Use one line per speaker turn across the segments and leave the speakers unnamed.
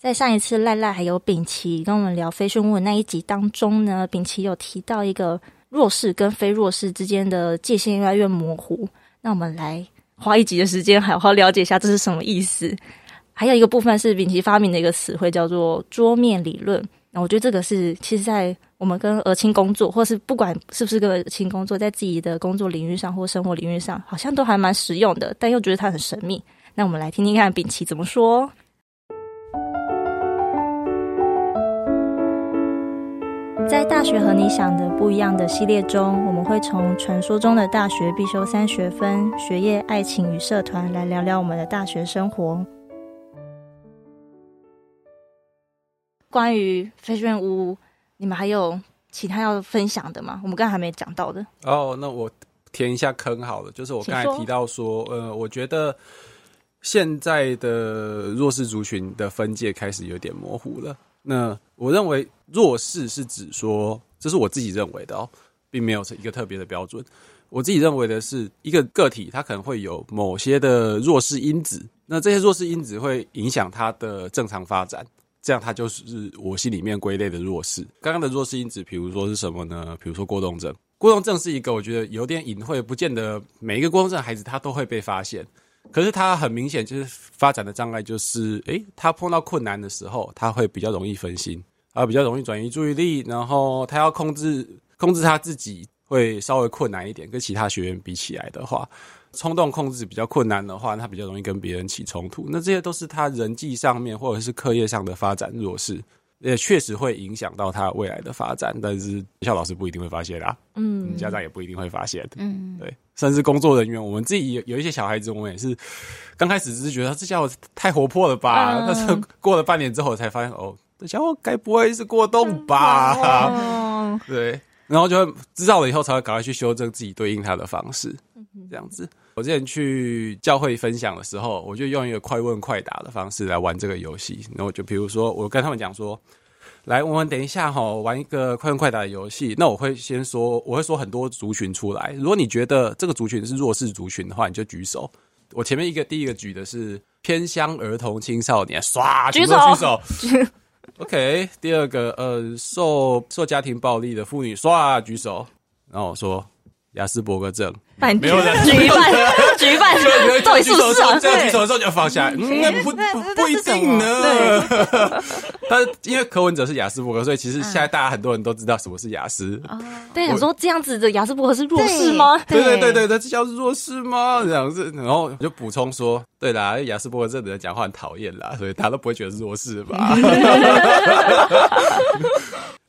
在上一次賴賴還有秉齊跟我們聊飛炫屋那一集當中呢，秉齊有提到一個弱勢跟非弱勢之間的界限越來越模糊，那我們來花一集的時間好好了解一下這是什麼意思。還有一個部分是秉齊發明的一個詞彙叫做桌面理論，那我覺得這個是其實在我們跟兒青工作，或是不管是不是跟兒青工作，在自己的工作領域上或生活領域上，好像都還蠻實用的，但又覺得它很神秘。那我們來聽聽看秉齊怎麼說。在大學和你想的不一樣的系列中，我們會從傳說中的大學必修三學分、學業、愛情與社團來聊聊我們的大學生活。關於飛炫屋，你們還有其他要分享的嗎？我們剛才還沒講到的。
哦，oh, 那我填一下坑好了。就是我剛才提到說，請說。呃，我覺得現在的弱勢族群的分界開始有點模糊了。那我認為弱勢是指說，這是我自己認為的哦、喔，並沒有一個特別的標準。我自己認為的是，一個個體他可能會有某些的弱勢因子，那這些弱勢因子會影響他的正常發展，這樣他就是我心裡面歸類的弱勢。剛剛的弱勢因子，比如說是什麼呢？比如說過動症，過動症是一個我覺得有點隱晦，不見得每一個過動症孩子他都會被發現。可是他很明顯就是發展的障礙，就是誒、欸，他碰到困難的時候，他會比較容易分心，啊，比較容易轉移注意力，然後他要控制控制他自己會稍微困難一點，跟其他學員比起來的話，衝動控制比較困難的話，他比較容易跟別人起衝突，那這些都是他人際上面或者是課業上的發展弱勢。也確實會影響到他未來的發展，但是學校老師不一定會發現啦、啊，嗯，家長也不一定會發現，嗯，對，甚至工作人員，我們自己有有一些小孩子，我們也是剛開始只是覺得這家伙太活潑了吧，但是、嗯、過了半年之後才發現，哦，這家伙該不會是過動吧？嗯、對。然後就會知道了，以後才會趕快去修正自己對應他的方式，這樣子。我之前去教會分享的時候，我就用一個快問快答的方式來玩這個遊戲。然後就比如說，我跟他們講說：“來，我們等一下吼，玩一個快問快答的遊戲。”那我會先說，我會說很多族群出來。如果你覺得這個族群是弱勢族群的話，你就舉手。我前面一個第一個舉的是偏鄉兒童青少年，唰舉手舉手。舉手 OK，第二個，呃，受受家庭暴力的婦女，唰舉手，然後我說，亞斯伯格症。沒有的，舉手，舉手，舉手的時候就要放下，那不不一定呢。但因為柯文哲是亞斯伯格，所以其實現在大家很多人都知道什麼是亞斯。
對，你說這樣子的亞斯伯格是弱勢嗎？對對對
對，這叫弱勢嗎？這樣子，然後就補充說，對啦，因為亞斯伯格這人講話很討厭啦，所以他都不會覺得是弱勢吧？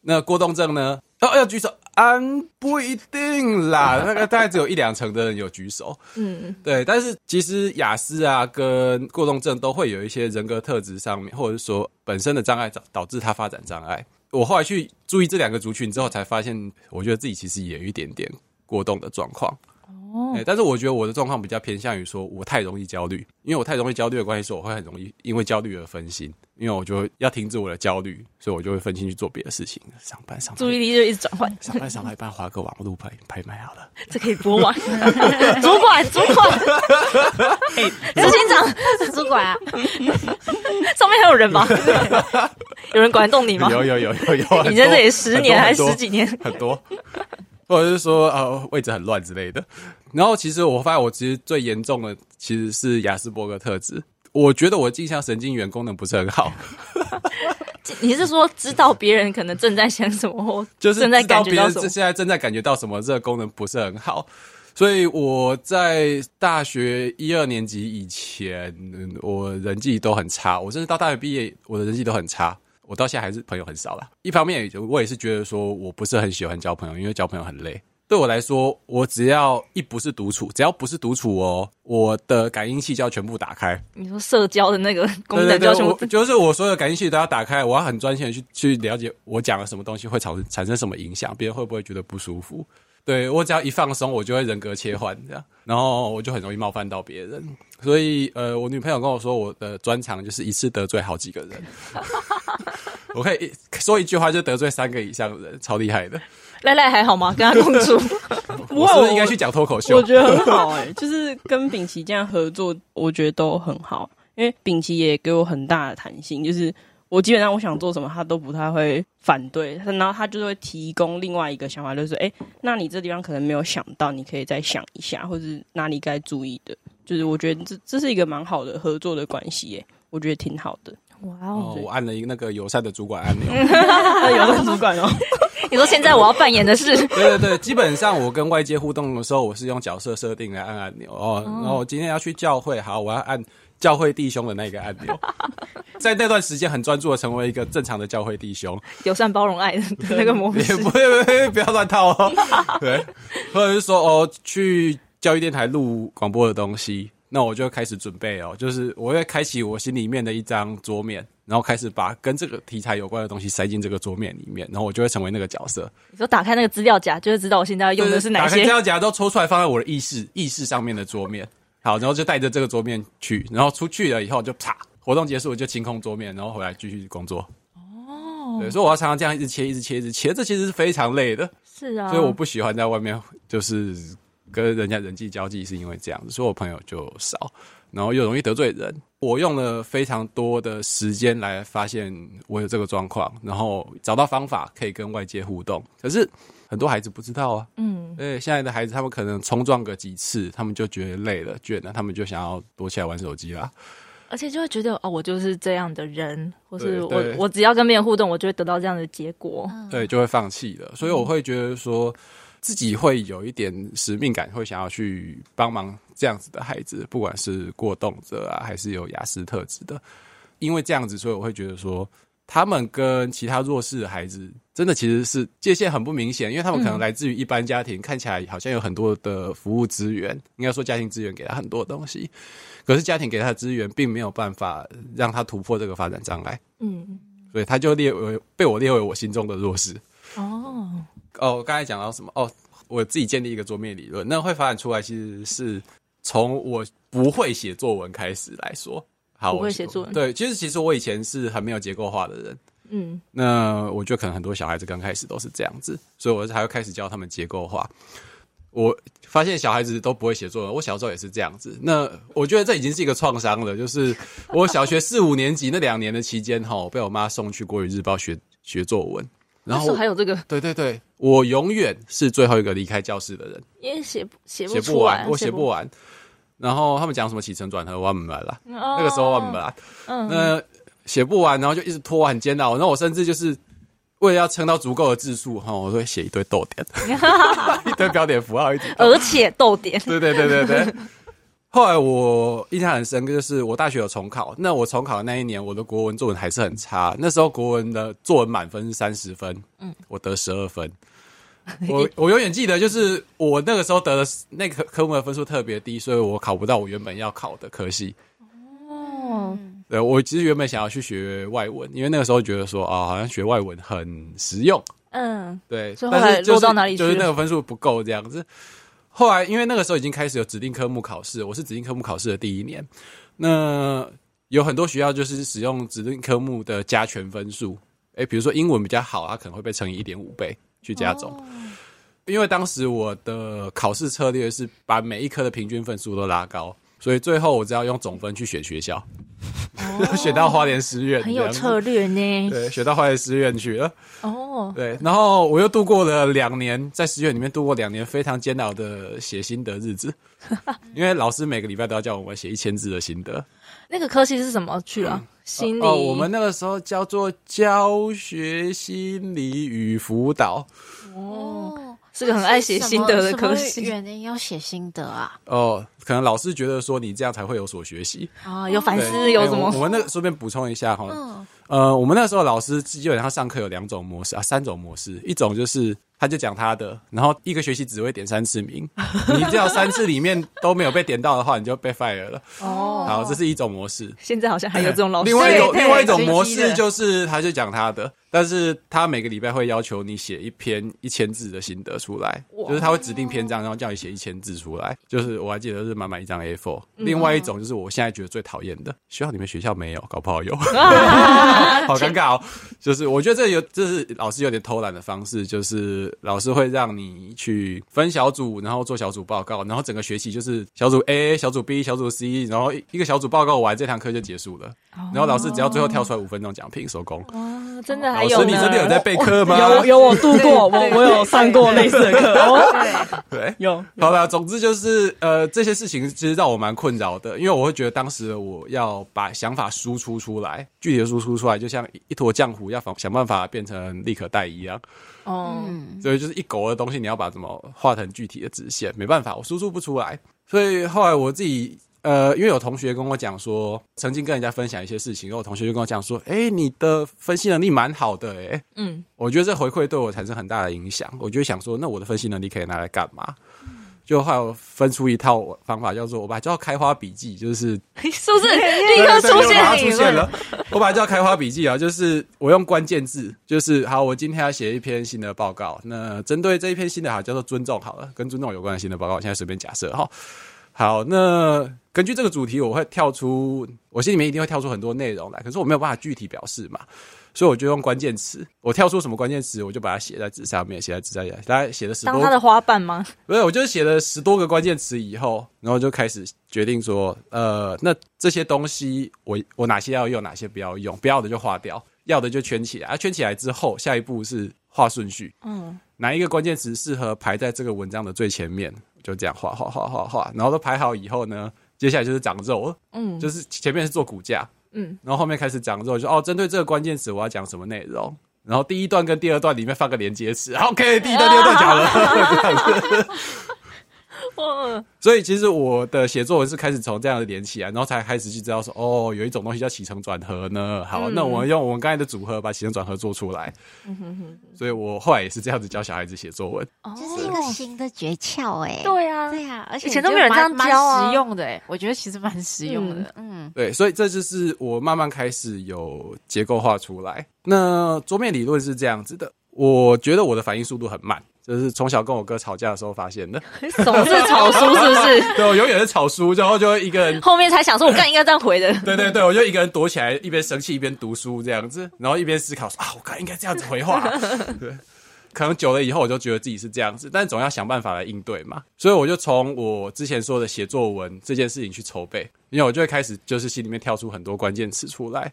那過動症呢？哦，要舉手？嗯，不一定啦，那個大概只有一兩成的人有舉手。嗯， 對。但是其實亞斯啊，跟過動症都會有一些人格特質上面，或者是說本身的障礙導導致他發展障礙。我後來去注意這兩個族群之後，才發現，我覺得自己其實也有一點點過動的狀況。哎、欸，但是我覺得我的狀況比較偏向於說，我太容易焦慮，因為我太容易焦慮的關係，是我會很容易因為焦慮而分心，因為我就要停止我的焦慮，所以我就會分心去做別的事情，上班上班，注意力
就一直轉換，
上班上班，辦華哥網絡拍拍賣好
了，這可以播完。主管 主管，哎，執行長是主管啊？
上面還有人嗎？ 有人管得動你嗎？有有有有有，你在這裡十年還是十幾年？很多。或者是說，呃、啊，位置很亂之類的。然後，其實我發現，我其實最嚴重的其實是亞斯伯格特質。我覺得我的鏡像神經元功能不是很好。
你是說知道別人可能正在想什麼，或正在感覺到什麼？
現在正在感覺到什麼？ 這個功能不是很好。所以我在大學一二年級以前，我人際都很差。我甚至到大學畢業，我的人際都很差。我到現在還是朋友很少啦。一方面，我也是覺得說我不是很喜歡交朋友，因為交朋友很累。對我來說，我只要一不是獨處，只要不是獨處哦，我的感應器就要全部打開。
你說社交的那個功能叫什麼？
就是我所有的感應器都要打開，我要很專心的去去了解我講了什麼東西會產產生什麼影響，別人會不會覺得不舒服？對，我只要一放鬆，我就會人格切換這樣，然後我就很容易冒犯到別人。所以，呃，我女朋友跟我說，我的專長就是一次得罪好幾個人。 我可以一說一句話就得罪三個以上的，超厲害的。
賴賴還好嗎？跟他共處， 我，我是不是應該去講脫
口秀？我，我覺得很好哎、
欸，就是跟秉齊這樣合作，我覺得都很好。因為秉齊也給我很大的彈性，就是我基本上我想做什麼，他都不太會反對。然後他就會提供另外一個想法，就是哎、欸，那你這地方可能沒有想到，你可以再想一下，或是哪裡該注意的。
就是我覺得這這是一個蠻好的合作的關係，欸，我覺得挺好的。哇、wow, 哦！我按了一個那個友善的主管按鈕，
友善主
管哦。
你說現在我要扮演的是？
對對對，基本上我跟外界互動的時候，我是用角色設定來按按鈕哦。Oh. 然後今天要去教會，好，我要按教會弟兄的那個按鈕，在那段時間很專注的成為一個正常的教會弟兄。
友善 包容愛的那個模式， 也不
也不也不要亂套哦。對，或者是說哦，去教育電台錄廣播的東西。那我就開始準備哦，就是我會開啟我心裡面的一張桌面，然後開始把跟這個題材有關的東西塞進這個桌面裡面，然後我就會成為那個角色。
你說打開那個資料夾，就會、是、知道我現在用的是哪一些？打開資料
夾都抽出來放在我的意識意識上面的桌面。 好，然後就帶着這個桌面去，然後出去了以後就啪，活動結束我就清空桌面，然後回來繼續工作。
哦，oh. 對，所以我要
常常這樣一直切，一直切，一直切，這其實是非常累的。是啊，所以我不喜歡在外面就是。跟人家人際交際，是因為這樣子，所以我朋友就少，然後又容易得罪人。我用了非常多的時間來發現我有這個狀況，然後找到方法可以跟外界互動。可是很多孩子不知道啊，嗯，呃、欸，現在的孩子他們可能衝撞個幾次，他們就覺得累了、倦了，他們就想要躲起來玩手機啦。
而且就會覺得哦，我就是這樣的人，或對是我我只要跟別人互動，我就會得到這樣的結果，
嗯、對，就會放棄了。所以我會覺得說，嗯自己會有一點使命感，會想要去幫忙這樣子的孩子，不管是過動者啊，還是有亞斯特質的。因為這樣子，所以我會覺得說，他們跟其他弱勢的孩子，真的其實是界限很不明顯，因為他們可能來自於一般家庭，嗯、看起來好像有很多的服務資源，應該說家庭資源給他很多東西，可是家庭給他的資源，並沒有辦法讓他突破這個發展障礙。嗯，所以他就列為被我列為我心中的弱勢。哦。哦，我剛才講到什麼？哦，我自己建立一個桌面理論，那會發展出來，其實是從我不會寫作文開始來說。好，不會寫作文，作文。對，其實其實我以前是很沒有結構化的人。嗯，那我覺得可能很多小孩子剛開始都是這樣子，所以我還會開始教他們結構化。我發現小孩子都不會寫作文，我小時候也是這樣子。那我覺得這已經是一個創傷了，就是我小學四五年級 那兩年的期間，哈、哦，我被我媽送去國語日報學學作文。然後還有這個，對對對，我永遠是最後一個離開教室的人，
因為寫不寫不出來，我寫不完。
然後他們講什麼起承轉合，我明白了。那個時候我明白了，嗯，寫不完，然後就一直拖，很煎熬。然後我甚至就是為了要撐到足夠的字數，哈，我會寫一堆逗點， 一堆標點符號，而且
逗點，對對對對對，對。
後來我印象很深刻，就是我大學有重考。那我重考的那一年，我的國文作文還是很差。那時候國文的作文滿分是三十分，嗯，我得十二分。
我
我永遠記得，就是我那個時候得的那個科目的分數特別低，所以我考不到我原本要考的科系。哦，對，我其實原本想要去學外文，因為那個時候覺得說啊、哦，好像學外文很實用。嗯，對，所以後來但是、就是、落到哪裡去了？就是那個分數不夠這樣子。後來，因為那個時候已經開始有指定科目考試，我是指定科目考試的第一年。那有很多學校就是使用指定科目的加權分數，誒、欸、比如說英文比較好，它、啊、可能會被乘以一點五倍去加總。哦、因為當時我的考試策略是把每一科的平均分數都拉高，所以最後我只要用總分去選學學校。 學到花蓮師院，很有策
略呢。對，
學到花蓮師院去
了。哦，
對，然後我又度過了兩年，在師院裡面度過兩年非常煎熬的寫心得日子， 因為老師每個禮拜都要叫我們寫一千字的心得。
那個科系是什麼去了、啊？嗯、心理哦。哦，我們
那個時候叫做教學心理與輔導。哦。
是個很愛寫心得的科系、啊、原因要寫心得啊？
哦，可能老師覺得說你這樣才會有所學習啊、哦，有反思有什麼？我們那個順便補充一下哈。嗯呃，我們那時候老師基本上上課有兩種模式啊，三種模式。一種就是他就講他的，然後一個學期只會點三次名，你只要三次裡面都沒有被點到的話， 你就被 fire 了。哦，好，這是一種模式。現在好像還有這種老師。另外一種另外一種模式就是他就講他的，但是他每個禮拜會要求你寫一篇一千字的心得出來，哇就是他會指定篇章，然後叫你寫一千字出來。就是我還記得是滿滿一張 A4。嗯哦、另外一種就是我現在覺得最討厭的，希望、嗯哦、你們學校沒有，搞不好有。 好尷尬，哦。就是我覺得這有這、就是老師有點偷懶的方式，就是老師會讓你去分小組，然後做小組報告，然後整個學期就是小組 A 小組 B 小組 C，然後一個小組報告我完，這堂課就結束了。然後老師只要最後跳出來五分鐘講評，收工。哦，真的還有？老師，你這邊有在備課嗎？有有，有我度過，對我我有上過類似的課。對， 對有，有。好了，總之就是呃，這些事情其實讓我蠻困擾的，因為我會覺得當時我要把想法輸出出來，具體的輸出，出。 出來就像一坨漿糊，要想辦法變成立可待一樣。
哦，所
以就是一狗的東西，你要把怎麼畫成具體的直線，沒辦法，我輸出不出來。所以後來我自己呃，因為有同學跟我講說，曾經跟人家分享一些事情，然後同學就跟我講說：“哎，你的分析能力蠻好的。”哎，嗯，我覺得這回饋對我產生很大的影響。我就想說，那我的分析能力可以拿來幹嘛？就還有分出一套方法，叫做我把它叫“開花筆記”，就是
是不是對立刻出現？立刻出現
了， 我把它叫“開花筆記”啊，就是我用關鍵字，就是好，我今天要寫一篇新的報告，那針對這一篇新的好，好叫做尊重好了，跟尊重有關的新的報告，我現在隨便假設哈。好，那根據這個主題，我會跳出我心裡面一定會跳出很多內容來，可是我沒有辦法具體表示嘛。所以我就用關鍵詞，我跳出什麼關鍵詞，我就把它寫在紙上面，寫在紙上面。大家寫了十多個。當它的花瓣嗎？不是，我就寫了十多個關鍵詞以後，然後就開始決定說，呃，那這些東西我我哪些要用，哪些不要用，不要的就劃掉，要的就圈起來。啊，圈起來之後，下一步是畫順序。嗯，哪一個關鍵詞適合排在這個文章的最前面？就這樣畫，畫，畫，畫，畫。然後都排好以後呢，接下來就是長肉。嗯，就是前面是做骨架。嗯，然後後面開始講之後就哦，針對這個關鍵詞，我要講什麼內容。然後第一段跟第二段裡面放個連接詞，OK，好、哎、呀第一段第二段講了。 哦，哇所以其實我的寫作文是開始從這樣子連起來，然後才開始去知道說，哦，有一種東西叫起承轉合呢。好，嗯、那我們用我們剛才的組合把起承轉合做出來。嗯、哼哼哼，所以我後來也是這樣子教小孩子寫作文，哦、是這
是一個新的訣竅哎。對呀、啊，對呀、啊，而且以前都沒有人這樣教啊。實用的哎、欸，我覺得其實蠻實用的。嗯，嗯
對，所以這就是我慢慢開始有結構化出來。那桌面理論是這樣子的，我覺得我的反應速度很慢。就是從小跟我哥吵架的時候發現的，
總是吵輸是不是？
對，我永遠是吵輸，然後就一個人。後面才想說，我更應
該這樣回的。 對
對對，我就一個人躲起來，一邊生氣一邊讀書這樣子，然後一邊思考說啊，我更應該這樣子回話對。可能久了以後，我就覺得自己是這樣子，但總要想辦法來應對嘛。所以我就從我之前說的寫作文這件事情去籌備，因為我就會開始就是心裡面跳出很多關鍵詞出來。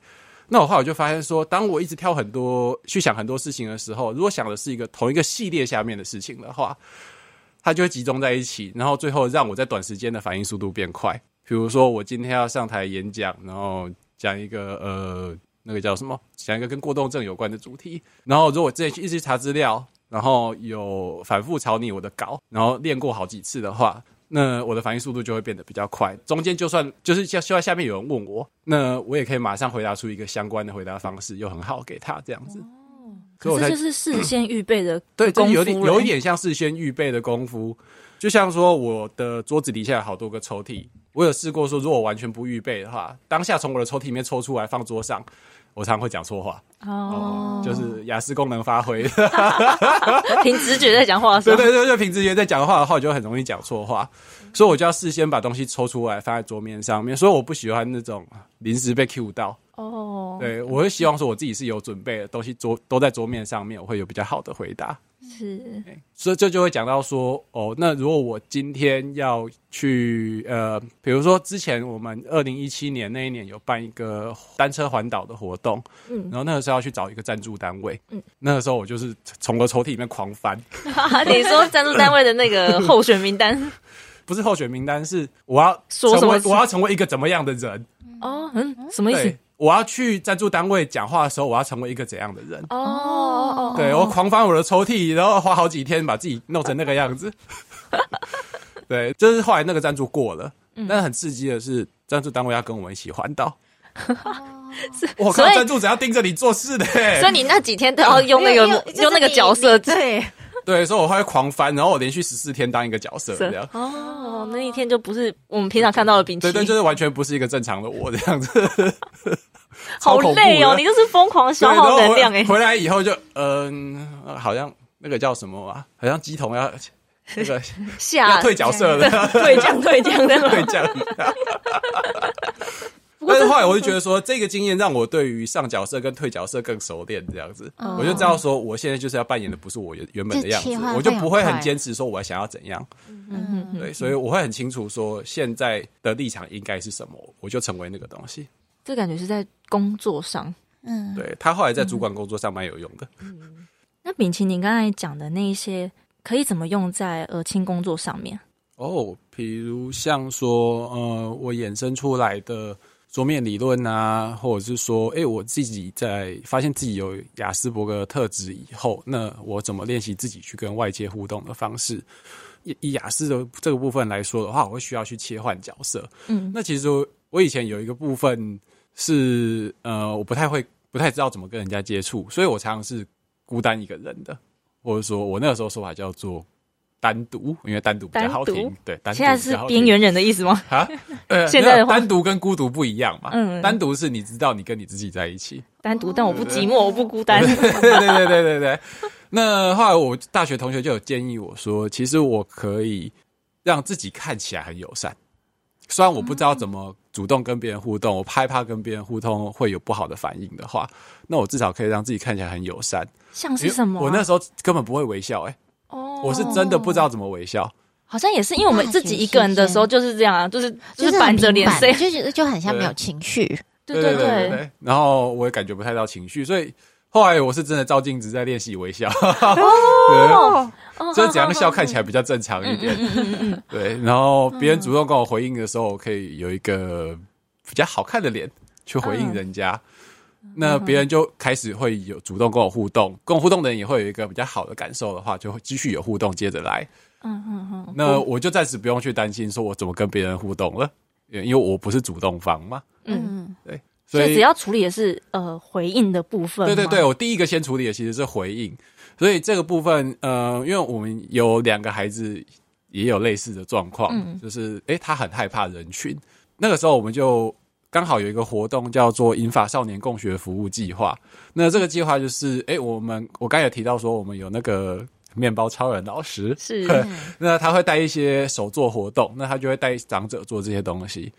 那我的話我就發現說，當我一直挑很多去想很多事情的時候，如果想的是一個同一個系列下面的事情的話，它就會集中在一起，然後最後讓我在短時間的反應速度變快。比如說，我今天要上台演講，然後講一個呃，那個叫什麼，講一個跟過動症有關的主題，然後如果我之前一直去查資料，然後有反復草擬我的稿，然後練過好幾次的話。那我的反應速度就會變得比較快，中間就算就是像下面有人問我，那我也可以馬上回答出一個相關的回答方式，又很好給他這樣子。哦，這就是事
先預備的功夫對，有點有一點
像事先預備的功夫，就像說我的桌子底下有好多個抽屜，我有試過說，如果我完全不預備的話，當下從我的抽屜裡面抽出來放桌上。我常，常會講錯話，oh. 哦，就是雅思功能發揮，憑 直覺在講話，的時候， 對，對對對，就憑直覺在講的話的話，就很容易講錯話，嗯、所以我就要事先把東西抽出來放在桌面上面，所以我不喜歡那種臨時被 cue 到，哦
，oh. 對，我會希望
說我自己是有準備的，東西桌都在桌面上面，我會有比較好的回答。是，所以這就就會講到說，哦，那如果我今天要去，呃，比如說之前我們二零一七年那一年有辦一個單車環島的活動，嗯，然後那個時候要去找一個贊助單位，嗯，那個時候我就是從個抽屜裡面狂翻，啊，你說贊助單位的那個候
選名單，
不是候選名單，是我要說什麼？我要成為一個怎麼樣的人？
哦，嗯，什麼意思？
我要去贊助單位講話的時候，我要成為一個怎樣的人？
哦，對，我
狂翻我的抽屜，然後花好幾天把自己弄成那個樣子。對，就是後來那個贊助過了，但是很刺激的是，贊助單位要跟我們一起環島。
我所以贊助
只要盯着你做事的。所以你
那幾天都要用那個用那個角色，對
對，所以我會狂翻，然後我連續十四天當一個角色這
樣。哦，那一天就不是我們平常看到的秉齊。對對，就是
完全不是一個正常的我這樣子。好累哦！你就
是瘋狂消耗能量哎。回來
以後就嗯、呃，好像那個叫什麼啊？好像乩童要那個下 了要退角色了， 退將退將的。退將。但是後來我就覺得說，這個經驗讓我對於上角色跟退角色更熟練，這樣子，嗯、我就知道說，我現在就是要扮演的不是我原原本的樣子，就我就不會很堅持說我要想要怎樣。嗯，對，所以我會很清楚說現在的立場應該是什麼，我就成為那個東西。
這感覺是在工作上，嗯，對
他後來在主管工作上蠻有用的。
嗯、那秉齊，您剛才講的那一些，可以怎麼用在兒青工作上面？
哦，比如像說，呃，我衍生出來的桌面理論啊，或者是說，哎、欸，我自己在發現自己有亞斯伯格的特質以後，那我怎麼練習自己去跟外界互動的方式？以亞斯的這個部分來說的話，我會需要去切換角色。嗯，那其實我，我以前有一個部分。是呃，我不太會，不太知道怎麼跟人家接觸，所以我常常是孤單一個人的，或者說我那個時候說法叫做單獨，因為單獨比較好聽。對，單獨。現在是邊緣人
的意思嗎？啊，呃，現在的話，單獨
跟孤獨不一樣嘛。嗯，單獨是你知道你跟你自己在一起，單獨，但我不寂寞，我不孤單。對對對對對。那後來我大學同學就有建議我說，其實我可以讓自己看起來很友善。雖然我不知道怎麼主動跟別人互動，嗯、我害怕，怕跟別人互動會有不好的反應的話，那我至少可以讓自己看起來很友善。像是什麼、啊？我那時候根本不會微笑、欸，哎，哦，我是真的不知道怎麼微笑。
好像也是因為我們自己一個人的時候就是這樣、啊就是，就是著臉，就是板着臉，就覺得就很像沒有情緒。對對對，
然後我也感覺不太到情緒，所以。後來我是真的照鏡子在練習微笑，哈哈，這樣笑看起來比較正常一點，對。然後別人主動跟我回應的時候，我可以有一個比較好看的臉去回應人家，
那別人
就開始會有主動跟我互動，跟我互動的人也會有一個比較好的感受的話，就會繼續有互動接着來。
嗯嗯嗯。那
我就暫時不用去擔心說我怎麼跟別人互動了，因為我不是主動方嘛。嗯，對。所以，所以只要
處理的是呃回應的部分。對對對，我第一
個先處理的其實是回應，所以這個部分，呃，因為我們有兩個孩子也有類似的狀況，嗯、就是誒、欸、他很害怕人群。那個時候，我們就剛好有一個活動叫做“銀髮少年共學服務計劃”。那這個計劃就是，誒、欸、我們我剛有提到說，我們有那個麵包超人老師，是那他會帶一些手作活動，那他就會帶長者做這些東西，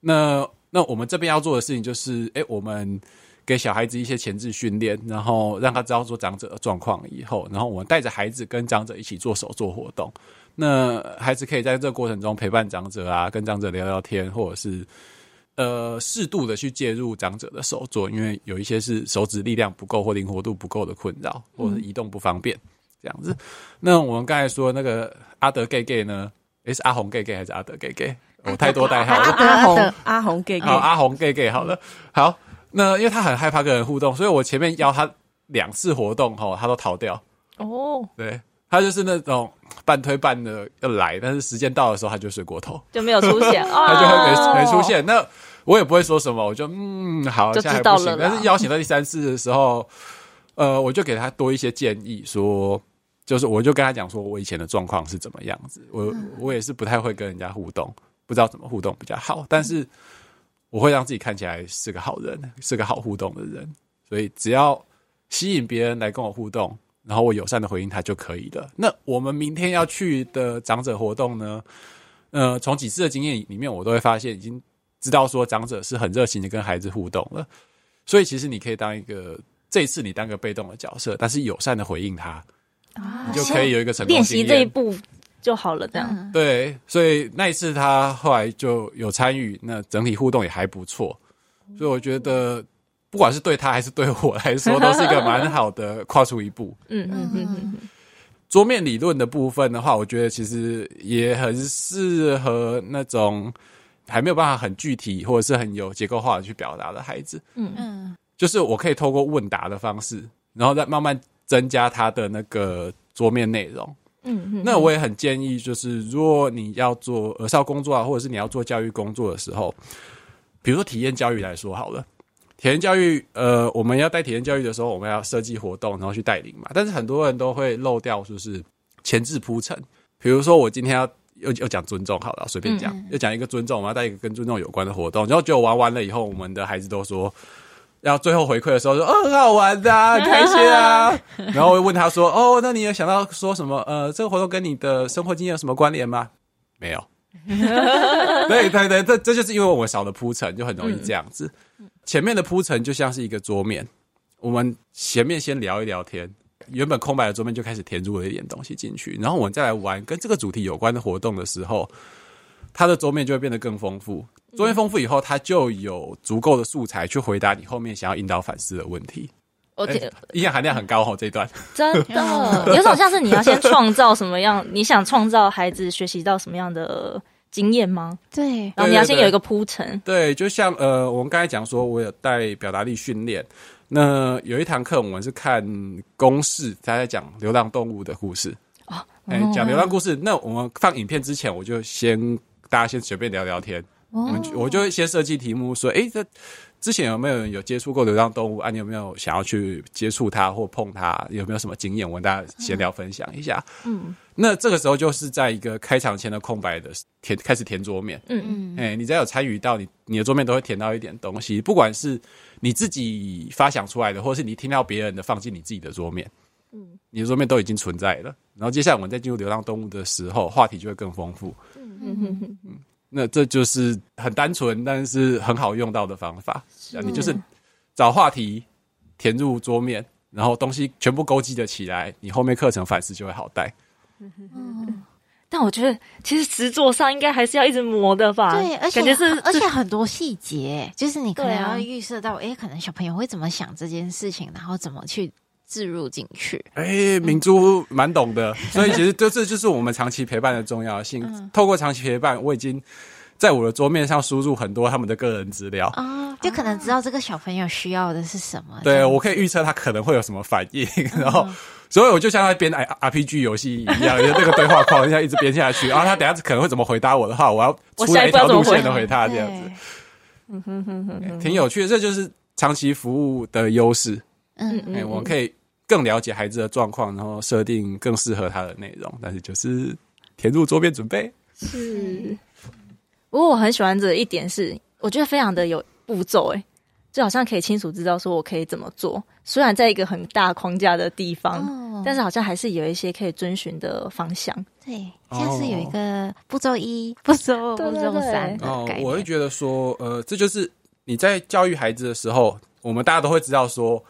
那。那我們這邊要做的事情就是，誒，我們給小孩子一些前置訓練，然後讓他知道做長者的狀況以後，然後我們帶着孩子跟長者一起做手作活動。那孩子可以在這個過程中陪伴長者啊，跟長者聊聊天，或者是，呃，適度的去介入長者的手作，因為有一些是手指力量不夠或靈活度不夠的困擾，或者是移動不方便，這樣子。嗯、那我們剛才說那個阿德蓋蓋呢？誒，是阿紅蓋蓋還是阿德蓋蓋？我太多代號了。阿紅阿、啊啊、
紅 gay gay，好，阿紅 gay gay 好
了，好，那因為他很害怕跟人互動，所以我前面邀他兩次活動哈、哦，他都逃掉。哦，對他就是那種半推半的要來，但是時間到的時候他就睡過頭，就沒有出現，呵呵哦、他就沒沒出現。那我也不會說什麼，我就嗯好，就知道了還不行。但是邀請到第三次的時候，呃，我就給他多一些建議，說就是我就跟他講說我以前的狀況是怎麼樣子，我我也是不太會跟人家互動。不知道怎麼互動比較好，但是我會讓自己看起來是個好人，是個好互動的人。所以只要吸引別人來跟我互動，然後我友善的回應他就可以了。那我們明天要去的長者活動呢？呃，從幾次的經驗裡面，我都會發現已經知道說長者是很熱情的跟孩子互動了。所以其實你可以當一個這一次你當個被動的角色，但是友善的回應他，
你就可以有一個成功、啊、練習這一步。就好了，這樣
對，所以那一次他後來就有參與，那整體互動也還不錯，所以我覺得不管是對他還是對我來說，都是一個蠻好的跨出一步。嗯嗯。 嗯，嗯嗯嗯，桌面理論的部分的話，我覺得其實也很適合那種還沒有辦法很具體或者是很有結構化的去表達的孩子。嗯嗯，就是我可以透過問答的方式，然後再慢慢增加他的那個桌面內容。嗯， 那我也很建議，就是如果你要做兒少工作啊，或者是你要做教育工作的時候，比如說體驗教育來說好了，體驗教育，呃，我們要帶體驗教育的時候，我們要設計活動，然後去帶領嘛。但是很多人都會漏掉，就是前置鋪陳。比如說，我今天要要講尊重，好了，隨便講，要講 一個尊重，我們要帶一個跟尊重有關的活動，然後結果玩完了以後，我們的孩子都說。然後最後回饋的時候說，哦，很好玩的、啊，開心啊。 然後我就問他說，哦，那你有想到說什麼？呃，這個活動跟你的生活經驗有什麼關聯嗎？沒有。對 對 對，這這就是因為我們少了鋪陳，就很容易這樣子。嗯、前面的鋪陳就像是一個桌面，我們前面先聊一聊天，原本空白的桌面就開始填入了一點東西進去。然後我們再來玩跟這個主題有關的活動的時候，它的桌面就會變得更豐富。多元豐富以後，他就有足夠的素材去回答你後面想要引導反思的問題。
而且
營養含量很高哦，這一段
真的 有種像是你要先創造什麼樣？ 你想創造孩子學習到什麼樣的經驗嗎？對，然後你要先有一個鋪陳。
對，就像呃，我們剛才講說，我有帶表達力訓練。那有一堂課，我們是看公視，大家講流浪動物的故事
哦，哎、欸，講流浪故
事。那我們放影片之前，我就先大家先隨便聊聊天。我、嗯、我就先設計題目說，哎、欸，這之前有沒有人有接觸過流浪動物啊？你有沒有想要去接觸它或碰它？有沒有什麼經驗？我跟大家閒聊分享一下。嗯，那這個時候就是在一個開場前的空白的填，開始填桌面。嗯嗯，欸、你只要有參與到你你的桌面都會填到一點東西，不管是你自己發想出來的，或是你聽到別人的放進你自己的桌面。嗯，你的桌面都已經存在了。然後接下來我們再進入流浪動物的時候，話題就會更豐富。嗯嗯
嗯嗯。嗯
那這就是很單純，但是很好用到的方法。是的你就是找話題填入桌面，然後東西全部勾稽的起來，你後面課程反思就會好帶、嗯。
但我覺得其實實作上應該還是要一直磨的吧？對，而且感覺是而且很多細節，對就是你可能要預設到，哎對、欸，可能小朋友會怎麼想這件事情，然後怎麼去。置入進去，哎、欸，明
珠蠻懂的， 所以其實這這就是我們長期陪伴的重要性。透過長期陪伴，我已經在我的桌面上輸入很多他們的個人資料
啊，就可能知道這個小朋友需要的是什麼。對，我可以預
測他可能會有什麼反應，然後、嗯、哼所以我就像在編 RPG 遊戲一樣，有這、嗯、哼個對話框這 一直編下去。然、啊、後他等下可能會怎麼回答我的話，我要出來一條路線的回答這樣子。嗯哼哼哼，挺有趣的，這就是長期服務的優勢。嗯，嗯、欸、我們可以更了解孩子的狀況，然後設定更適合他的內容。但是就是填入桌面準備
是。不過我很喜歡這一點是，是我覺得非常的有步驟，哎，就好像可以清楚知道說我可以怎麼做。雖然在一個很大框架的地方，哦、但是好像還是有一些可以遵循的方向。對，像是有一個步驟一，哦、步驟二，步驟三。
哦，我會覺得說，呃，這就是你在教育孩子的時候，我們大家都會知道說。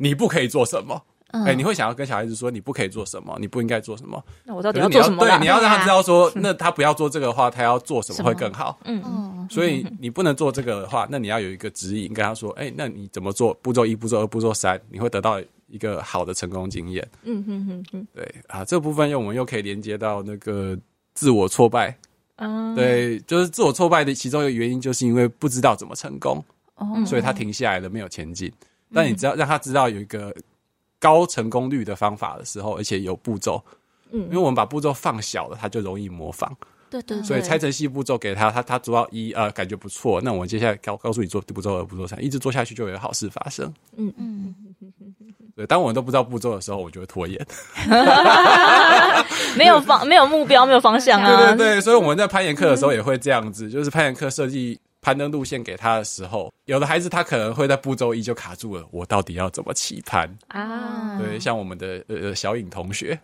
你不可以做什麼？
哎、嗯欸，你會
想要跟小孩子說你不可以做什麼，你不應該做什麼？那我到底要做什麼？對，你要讓他知道說，是那他不要做這個的話，他要做什麼會更好？嗯，所以你不能做這個的話，那你要有一個指引，跟他說，哎、欸，那你怎麼做？步驟一，步驟二，步驟三，你會得到一個好的成功經驗。
嗯
哼哼哼，對啊，這部分又我們又可以連接到那個自我挫敗。嗯，對，就是自我挫敗的其中一個原因，就是因為不知道怎麼成功，嗯、所以他停下來了，沒有前進。但你知道，讓他知道有一個高成功率的方法的時候，而且有步驟，嗯，
因為我們
把步驟放小了，他就容易模仿，嗯、對，對對，所以拆成細步驟給他，他他主要一呃感覺不錯，那我們接下來告告訴你做步驟二、步驟三，一直做下去就有好事發生，
嗯
嗯，嗯嗯對，當我們都不知道步驟的時候，我就會拖延，
沒有方，沒有目標，沒有方向、啊，對對對，所以我們
在攀岩課的時候也會這樣子，嗯、就是攀岩課設計。攀登路線給他的時候，有的孩子他可能會在步驟一就卡住了。我到底要怎麼起攀啊？對，像我們的呃小穎同學，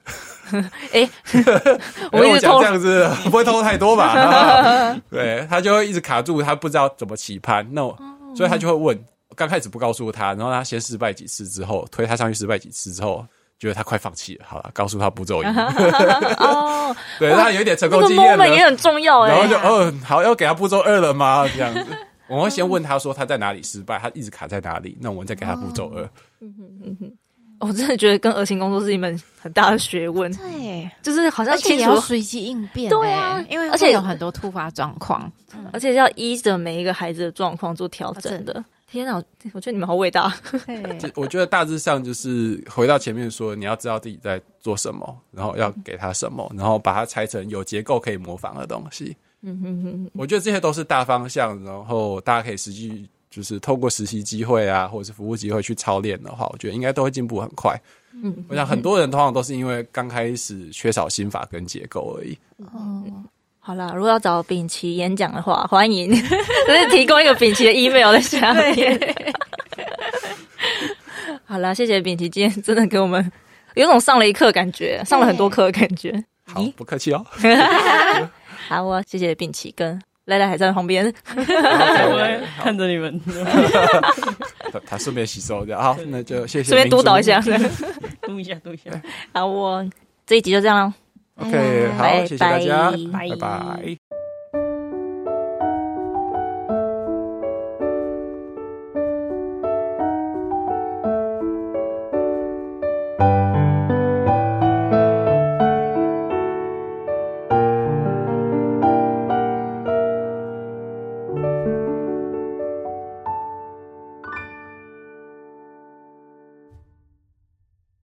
誒、欸、呵我跟你講這樣子，不會透露太多吧、 啊？對他就會一直卡住，他不知道怎麼起攀。那我所以他就會問，剛開始不告訴他，然後他先失敗幾次之後，推他上去失敗幾次之後。覺得他快放棄了，好了，告訴他步驟一。 哦， 對，哦、他有一點成功經驗本、哦那個、也很
重要、欸。然後就嗯、
哦，好，要給他步驟二了嗎？這樣子，嗯、我們先問他說他在哪裡失敗，他一直卡在哪裡，那我們再給他步驟二。哦、嗯
嗯嗯我真的覺得跟兒青工作是一門很大的學問。對，就是好像需要隨機應變、欸，對啊，因為而且有很多突發狀況，嗯、而且要依着每一個孩子的狀況做調整的。啊天哪，我覺得你們好偉大！
我覺得大致上就是回到前面說，你要知道自己在做什麼，然後要給他什麼，然後把它拆成有結構可以模仿的東西。嗯
嗯
嗯，我覺得這些都是大方向，然後大家可以實際就是透過實習機會啊，或者是服務機會去操練的話，我覺得應該都會進步很快。嗯哼，我想很多人通常都是因為剛開始缺少心法跟結構而已。哦。
好了，如果要找秉齊演講的話，歡迎，只是提供一個秉齊的 email 的下面。好了，謝謝秉齊，今天真的給我們有種上了一課感覺，上了很多課感覺。
好，不客氣哦。
好啊，謝謝秉齊跟賴賴還在旁邊看着你們。
他順便吸收，對好，那就謝謝。順便督導一下，
督一下，督一下。好，我這一集就這樣嘍。OK，哎呀，好，拜拜，謝謝大家，拜拜。拜拜。